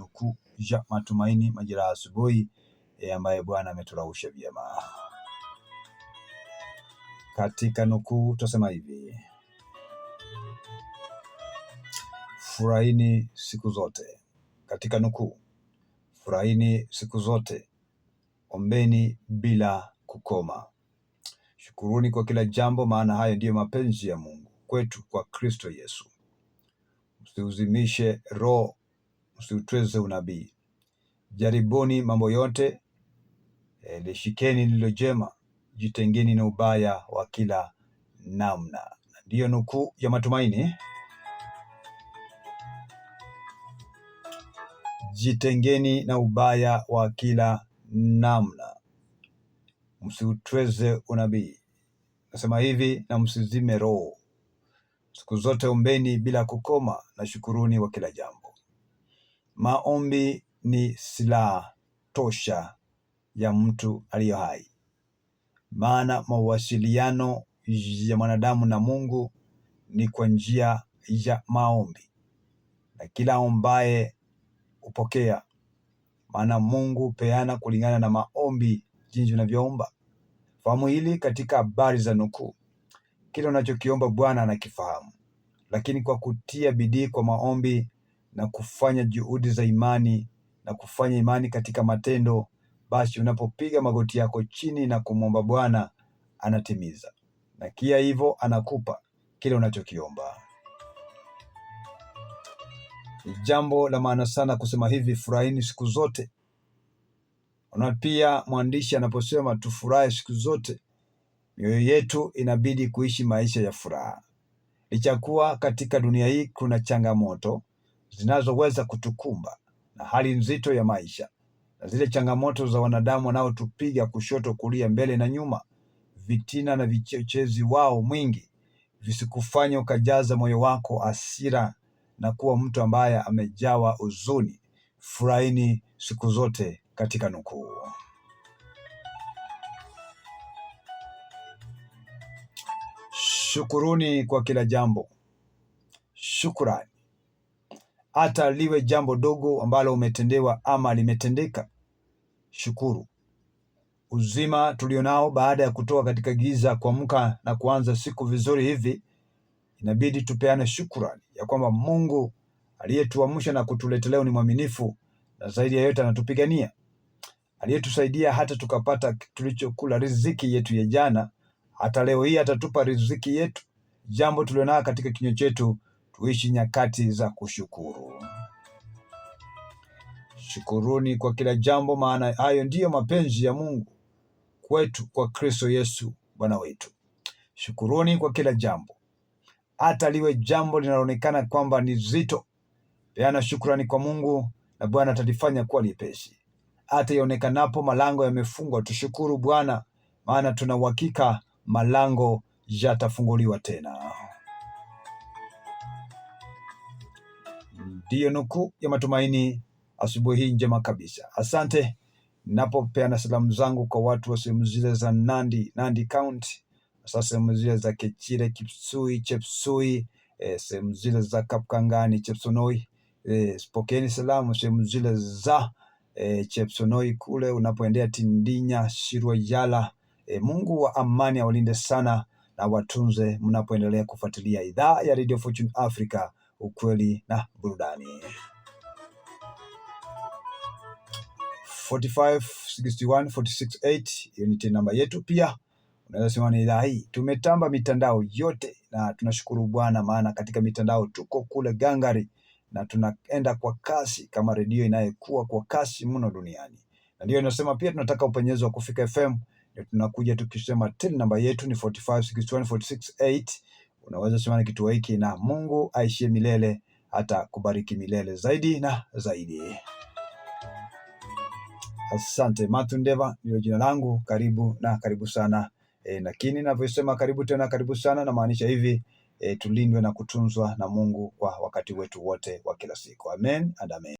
nukuu ya matumaini majira ya asubuhi e, ambaye Bwana ameturausha vyema. Katika nukuu tutasema hivi: furahini siku zote. Katika nukuu, furahini siku zote, ombeni bila kukoma, shukuruni kwa kila jambo, maana hayo ndiyo mapenzi ya Mungu kwetu kwa Kristo Yesu. Usiuzimishe roho usiutweze unabii. Jaribuni mambo yote, e, lishikeni lililo jema, jitengeni na ubaya wa kila namna. Ndiyo nukuu ya matumaini. Jitengeni na ubaya wa kila namna, msiutweze unabii. Nasema hivi na msizime roho. Siku zote ombeni bila kukoma, na shukuruni kwa kila jambo. Maombi ni silaha tosha ya mtu aliyo hai, maana mawasiliano ya mwanadamu na Mungu ni kwa njia ya maombi, na kila ombaye hupokea, maana Mungu peana kulingana na maombi, jinsi unavyoomba. Fahamu hili katika habari za nukuu, kile unachokiomba Bwana anakifahamu, lakini kwa kutia bidii kwa maombi na kufanya juhudi za imani na kufanya imani katika matendo, basi unapopiga magoti yako chini na kumwomba Bwana anatimiza, na kia hivyo anakupa kile unachokiomba. Ni jambo la maana sana kusema hivi, furahini siku zote. na pia mwandishi anaposema tufurahi siku zote, mioyo yetu inabidi kuishi maisha ya furaha, licha kuwa katika dunia hii kuna changamoto, zinazoweza kutukumba na hali nzito ya maisha na zile changamoto za wanadamu wanaotupiga kushoto, kulia, mbele na nyuma. Vitina na vichochezi wao mwingi visikufanye ukajaza moyo wako hasira na kuwa mtu ambaye amejawa huzuni. Furahini siku zote katika nukuu. Shukuruni kwa kila jambo. Shukurani hata liwe jambo dogo ambalo umetendewa ama limetendeka. Shukuru uzima tulionao baada ya kutoka katika giza, kuamka na kuanza siku vizuri hivi, inabidi tupeane shukrani ya kwamba Mungu aliyetuamsha na kutuletelea ni mwaminifu, na zaidi ya yote anatupigania, aliyetusaidia hata tukapata tulichokula, riziki yetu ya jana. Hata leo hii atatupa riziki yetu, jambo tulionao katika kinywa chetu tuishi nyakati za kushukuru. Shukuruni kwa kila jambo, maana hayo ndiyo mapenzi ya Mungu kwetu kwa Kristo Yesu Bwana wetu. Shukuruni kwa kila jambo, hata liwe jambo linaloonekana kwamba ni zito. Peana shukurani kwa Mungu na Bwana atalifanya kuwa lipesi. Hata ionekanapo malango yamefungwa, tushukuru Bwana, maana tuna uhakika malango yatafunguliwa tena. ndiyo nukuu ya matumaini asubuhi hii njema kabisa. Asante napopeana salamu zangu kwa watu wa sehemu zile za Nandi, Nandi County, sasa sehemu zile za Kichire, Kipsui, Chepsui, e, sehemu zile za Kapkangani, Chepsonoi. E, pokeeni salamu sehemu zile za e, Chepsonoi kule unapoendea Tindinya, Shirwa, Yala. E, Mungu wa amani awalinde sana na watunze mnapoendelea kufuatilia idhaa ya Radio Fortune Africa ukweli na burudani. 4561468 hiyo ni TIN namba yetu. Pia unaweza sema ni idhaa hii, tumetamba mitandao yote na tunashukuru Bwana, maana katika mitandao tuko kule gangari na tunaenda kwa kasi kama redio inayekua kwa kasi mno duniani, na ndio inasema pia tunataka upenyezo wa Kufika FM. Ndio tunakuja tukisema TIN namba yetu ni 4561468 Unaweza ni kitu hiki, na Mungu aishie milele hata kubariki milele zaidi na zaidi. Asante. Mathew Ndeva ndio jina langu. Karibu na karibu sana e, lakini ninavyosema karibu tena karibu sana namaanisha hivi e, tulindwe na kutunzwa na Mungu kwa wakati wetu wote wa kila siku. Amen and amen.